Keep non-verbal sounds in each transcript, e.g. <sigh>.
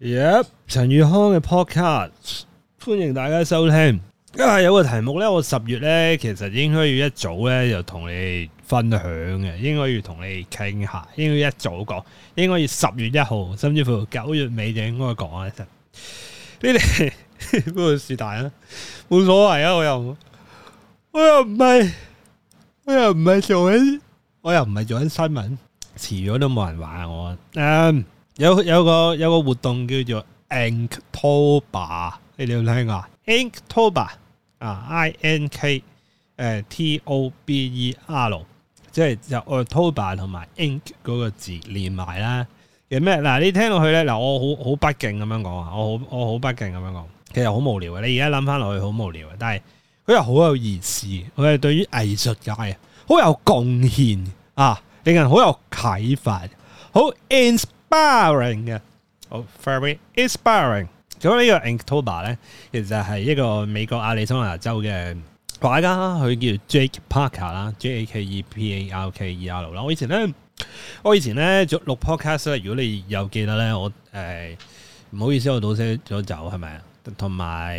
耶！陳宇、yep, 康嘅 podcast，歡迎大家收聽。今、啊、日有個題目咧，我十月咧其實應該要一早咧就同你分享嘅，應該要同你傾下，應該一早講，應該要十月一號，甚至乎九月尾就應該講一聲。你哋不過是但啦，冇 <laughs> 所謂啊！我又我又唔係我又唔係做緊，我又唔係做緊新聞，遲咗都冇人話我。嗯、um。有個有個有個活動叫做 Inktober，你哋有冇聽過啊？Inktober 啊，I-N-K 誒 T-O-B-E-R，即係就 October 同埋 ink 嗰個字連埋啦。叫咩？嗱，你聽落去咧，嗱我好好不敬咁樣講啊，我好，好，不敬我，好我好不敬咁樣講。其實好無聊嘅，你而家諗翻落去好無聊嘅，但係佢又好有意思，佢係對於藝術界係好有貢獻啊，令人好有啟發，好 ins。b a r r i n g 嘅、oh，好 very inspiring。咁呢個 Inktober 咧，其實係一個美國亞利桑那州嘅畫家，佢叫 Jake Parker 啦，J-A-K-E-P-A-R-K-E-R 啦、e。我以前咧，我以前咧做錄 podcast 咧，如果你有記得咧，我誒唔、呃、好意思，我倒些咗走係咪啊？同埋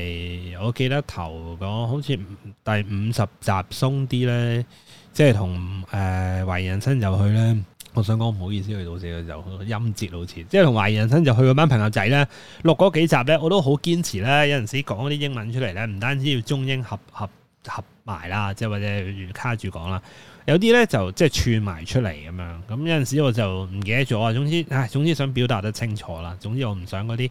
我記得頭嗰、那個、好似第五十集鬆啲咧，即係同誒懷疑人生入去咧。我想講唔好意思，佢到時就音節到前，即係同懷疑人生就去嗰班朋友仔呢。錄嗰幾集呢，我都好堅持咧，有陣時講啲英文出嚟呢，唔單止要中英合合合埋啦，即係或者卡住講啦，有啲呢，就即係串埋出嚟咁樣，咁有陣時我就唔記得咗啊，總之，唉，總之想表達得清楚啦，總之我唔想嗰啲。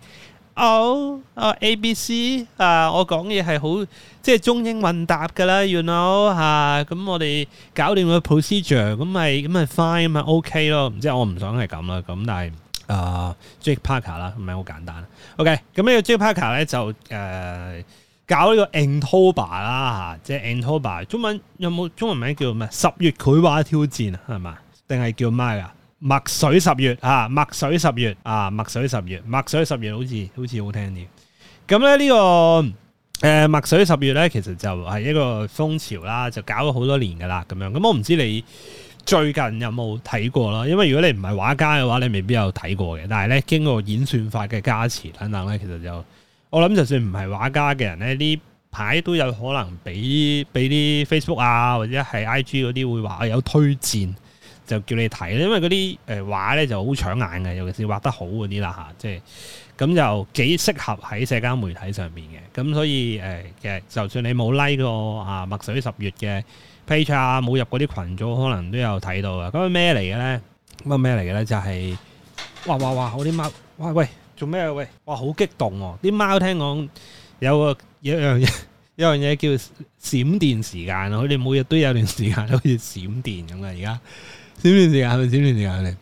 哦，啊、oh, uh, A、uh,、B、C，啊我講嘢係好即係中英混搭噶啦，You know 吓，咁我哋搞掂個 procedure，咁咪咁咪 fine 咁咪 OK 咯。唔知我唔想係咁啦，咁但係啊、uh, Jake Parker 啦，咁咪好簡單。OK，咁呢、uh, 個 Jake Parker 咧就誒搞呢個 Inktober 啦吓、啊，即係 Inktober 中文有冇中文名叫咩？十月繪畫挑戰係嘛？定係叫咩啊？墨水十月啊，墨水十月啊，墨水十月，墨水十月好似好似好聽啲。咁咧呢個誒墨水十月咧，其實就係一個風潮啦，就搞咗好多年噶啦，咁樣。咁我唔知你最近有冇睇過啦，因為如果你唔係畫家嘅話，你未必有睇過嘅。但係咧經過演算法嘅加持等等咧，其實就我諗，就算唔係畫家嘅人咧，呢排都有可能俾俾啲 Facebook 啊或者係 IG 嗰啲會話有推薦。就叫你睇，因為嗰啲誒畫咧就好搶眼嘅，尤其是畫得好嗰啲啦，吓，即係咁就幾適合喺社交媒體上邊嘅。咁所以誒其實就算你冇 like 過啊墨水十月嘅 page 啊，冇入嗰啲群組，可能都有睇到嘅。咁咩嚟嘅咧？乜咩嚟嘅咧？就係哇哇哇！我啲貓哇喂，做咩啊？喂，哇好激動哦！啲貓聽講有個有樣嘢，一樣嘢叫閃電時間，佢哋每日都有段時間，好似閃電咁嘅而家。閃念時間，閃念時間咧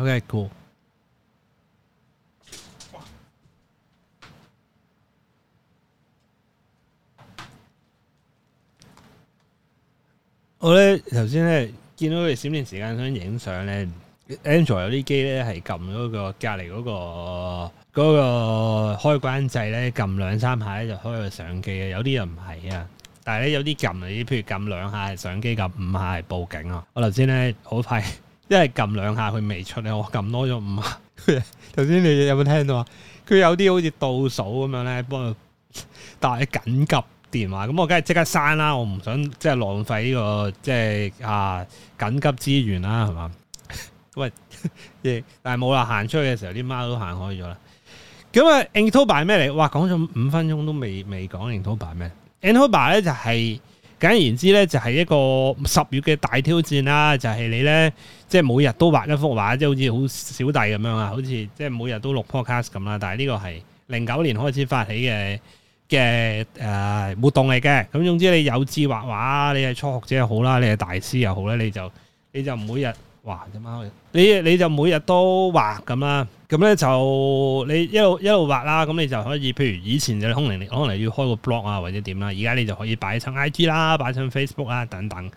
，OK，cool。我咧頭先咧見到佢閃念時間想影相咧，Android 有啲機咧係撳咗個隔籬嗰個嗰個開關掣咧，撳兩三下咧就開個相機啊，有啲又唔係啊。但係咧有啲撳你，譬如撳兩下係相機，撳五下係報警啊！我頭先咧好快，因為撳兩下佢未出咧，我撳多咗五下。頭 <laughs> 先你有冇聽到啊？佢有啲好似倒數咁樣咧，幫我打緊急電話。咁我梗係即刻刪啦！我唔想即係浪費呢、呢個即係啊緊急資源啦，係嘛？喂！ <laughs> 但係冇啦，行出去嘅時候啲貓都行開咗啦。咁啊 i n t o b a 咩嚟？哇！講咗五分鐘都未未講 i n t o b a 咩？Inktober 咧就係、是，簡而言之咧就係一個十月嘅大挑戰啦，就係、是、你咧即係每日都畫一幅畫，即係好似好小弟咁樣啊，好似即係每日都錄 podcast 咁啦。但係呢個係零九年開始發起嘅嘅誒活動嚟嘅。咁總之你有志畫畫，你係初學者又好啦，你係大師又好啦。你就你就每日畫嘅貓，你你就每日都畫咁啦。咁咧就你一路一路畫啦，咁你就可以，譬如以前就空靈力，可能要開個 blog 啊，或者點啦。而家你就可以擺上 IG 啦，擺上 Facebook 啊等等。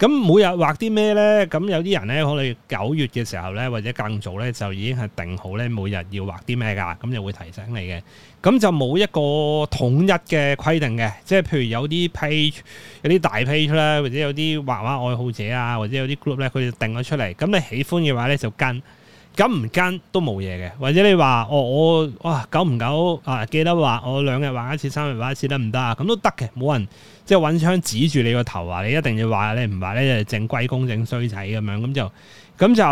咁每日畫啲咩咧？咁有啲人咧，可能九月嘅時候咧，或者更早咧，就已經係定好咧，每日要畫啲咩噶，咁就會提醒你嘅。咁就冇一個統一嘅規定嘅，即係譬如有啲 page，有啲大 page 咧，或者有啲畫畫愛好者啊，或者有啲 group 咧，佢哋定咗出嚟。咁你喜歡嘅話咧，就跟。咁唔跟都冇嘢嘅，或者你話、哦、我我哇久唔久啊記得話我兩日玩一次，三日玩一次得唔得啊？咁都得嘅，冇人。即係揾槍指住你個頭，話你一定要話你唔話咧就正龜公正衰仔咁樣，咁就咁就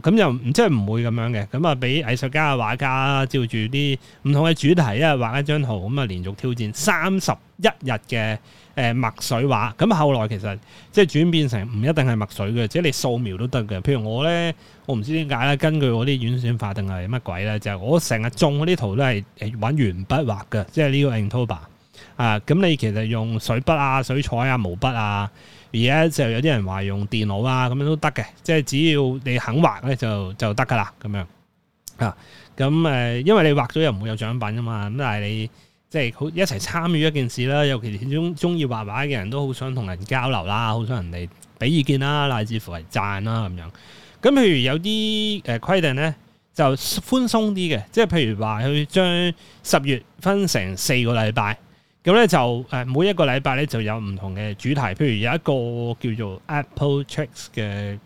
咁就唔即係唔會咁樣嘅。咁啊，俾藝術家、畫家照住啲唔同嘅主題，一係畫一張圖，咁啊連續挑戰三十一日嘅誒墨水畫。咁啊後來其實即係轉變成唔一定係墨水嘅，即係你掃描都得嘅。譬如我咧，我唔知點解咧，根據我啲軟件法定係乜鬼咧，就係、是、我成日中嗰啲圖都係玩鉛筆畫嘅，即係呢個 Inktober 啊，咁你其實用水筆啊、水彩啊、毛筆啊，而家就有啲人話用電腦啊，咁樣都得嘅，即係只要你肯畫咧就就得㗎喇，咁樣啊，咁、啊、誒，因為你畫咗又唔會有獎品啊嘛，咁但係你即係好一齊參與一件事啦、啊，尤其是中中意畫畫嘅人都好想同人交流啦、啊，好想人哋俾意見啦、啊，乃至乎係讚啦咁樣。咁譬如有啲誒、呃、規定咧，就寬鬆啲嘅，即係譬如話佢將十月分成四個禮拜。咁咧就誒每一個禮拜咧就有唔同嘅主題，譬如有一個叫做 Apple Tricks 嘅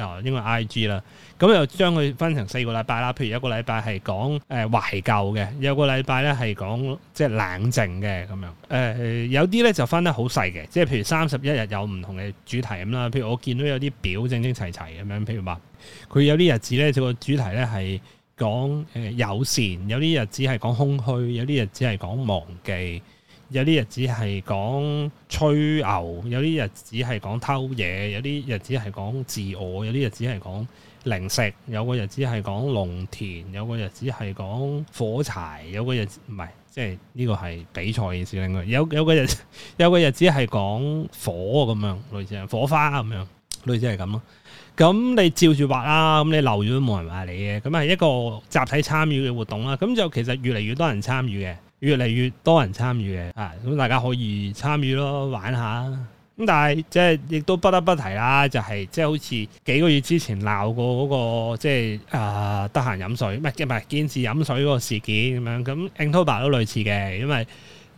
啊，應該 I G 啦，咁又將佢分成四個禮拜啦。譬如一個禮拜係講誒懷舊嘅，有個禮拜咧係講即係冷靜嘅咁樣。誒、呃、有啲咧就分得好細嘅，即係譬如三十一日有唔同嘅主題咁啦。譬如我見到有啲表整整齊齊咁樣，譬如話佢有啲日子咧，就個主題咧係講誒友善，有啲日子係講空虛，有啲日子係講忘記。有啲日子係講吹牛，有啲日子係講偷嘢，有啲日子係講自我，有啲日子係講零食，有個日子係講農田，有個日子係講火柴，有個日子唔係，即係呢個係比賽意思嚟嘅。有有個日有個日子係講火咁樣類似，火花咁樣類似係咁咯。咁你照住畫啦，咁你留完都冇人話你嘅。咁係一個集體參與嘅活動啦。咁就其實越嚟越多人參與嘅。越嚟越多人參與嘅，啊，咁大家可以參與咯，玩下。咁但係即係亦都不得不提啦，就係、是、即係好似幾個月之前鬧過嗰、那個即係啊，得閒飲水，唔係唔係堅持飲水嗰個事件咁樣。咁 Inktober 都類似嘅，因為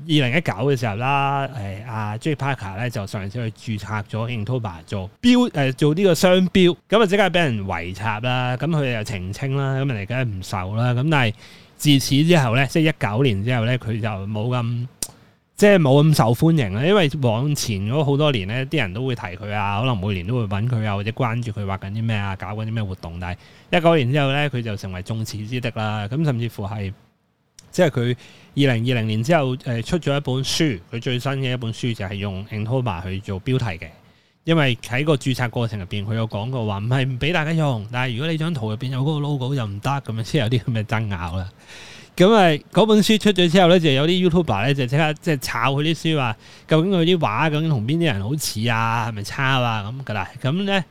二零一九嘅時候啦，誒阿 J Parker 咧就上次去註冊咗 Inktober 做標，誒、呃、做呢個商標，咁啊即刻俾人圍插啦，咁佢哋又澄清啦，咁人哋梗係唔受啦，咁但係。自此之後咧，即係一九年之後咧，佢就冇咁即係冇咁受歡迎啦。因為往前嗰好多年咧，啲人都會提佢啊，可能每年都會揾佢啊，或者關注佢畫緊啲咩啊，搞緊啲咩活動。但係一九年之後咧，佢就成為眾矢之的啦。咁甚至乎係即係佢二零二零年之後誒出咗一本書，佢最新嘅一本書就係用《Encore》去做標題嘅。因為喺個註冊過程入邊，佢有講過話唔係唔俾大家用，但係如果你張圖入邊有嗰個 logo 就唔得咁樣，先有啲咁嘅爭拗啦。咁啊，嗰本書出咗之後咧，就有啲 YouTuber 咧就即刻即係炒佢啲書話，究竟佢啲畫究竟同邊啲人好似啊，係咪抄啊咁噶啦？咁咧。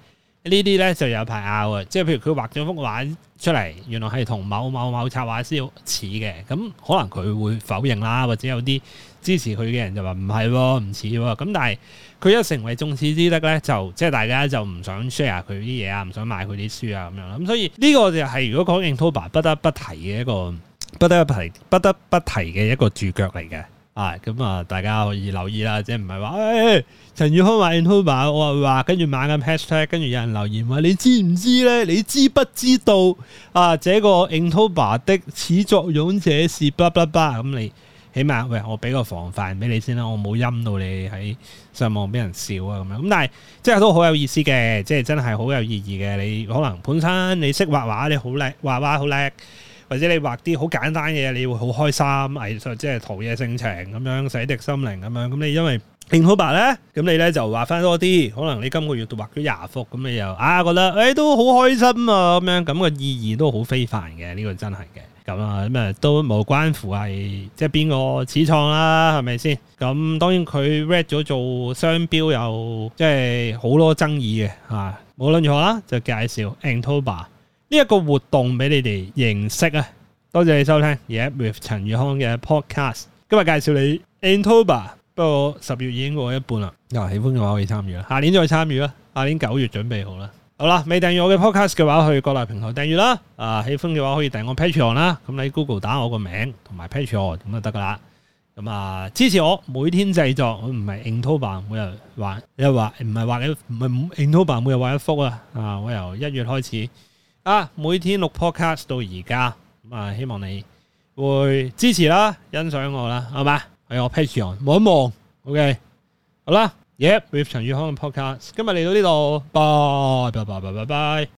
呢啲咧就有排拗啊！即係譬如佢畫咗幅畫出嚟，原來係同某某某插畫師似嘅，咁、嗯、可能佢會否認啦，或者有啲支持佢嘅人就話唔係喎，唔似喎。咁但係佢一成為眾矢之的咧，就即係大家就唔想 share 佢啲嘢啊，唔想買佢啲書啊咁樣。咁、嗯、所以呢、這個就係、是、如果講 Inktober 不得不提嘅一個不得不提、不得不提嘅一個注腳嚟嘅。咁啊，大家可以留意啦，即係唔係話誒，陳、哎、宇康畫 Intuba 我話跟住猛咁 hashtag 跟住有人留言話你知唔知咧？你知不知道啊？這個 Intuba 的始作俑者是乜乜乜咁？你、嗯、起碼喂，我俾個防範俾你先啦，我冇陰到你喺上網俾人笑啊咁樣。咁但係即係都好有意思嘅，即係真係好有意義嘅。你可能本身你識畫畫，你好叻，畫畫好叻。或者你畫啲好簡單嘅嘢，你會好開心，藝術即係陶冶性情咁樣，洗滌心靈咁樣。咁你因為 Inktober 咧，咁你咧就畫翻多啲。可能你今個月都畫咗廿幅，咁你又啊覺得誒、欸、都好開心啊咁樣，咁個意義都好非凡嘅。呢、這個真係嘅。咁啊，咁啊都冇關乎係即係邊個始創啦，係咪先？咁當然佢 read 咗做商標又即係好多爭議嘅嚇。無論如何啦，就介紹 Inktober。呢一個活動俾你哋認識啊！多謝你收聽，而、yeah, 家 with 陳宇康嘅 podcast。今日介紹你 Inktober，不過十月已經過一半啦。啊，喜歡嘅話可以參與啦，下年再參與啦。下年九月準備好啦。好啦，未訂閱我嘅 podcast 嘅話，去各大平台訂閱啦。啊，喜歡嘅話可以訂閱我 Patreon 啦。咁你 Google 打我個名同埋 Patreon 咁就得噶啦。咁啊支持我每天製作，唔係 Inktober 每日畫，又畫唔係畫你唔係 Inktober 每日畫一幅啊。啊，我由一月開始。啊，每天錄 podcast 到而家，咁啊希望你會支持啦、欣賞我啦，係嘛？喺我 Patreon 上望一望，OK，好啦，Yeah，With 陳宇康嘅 podcast，今日嚟到呢度，拜拜拜拜拜拜。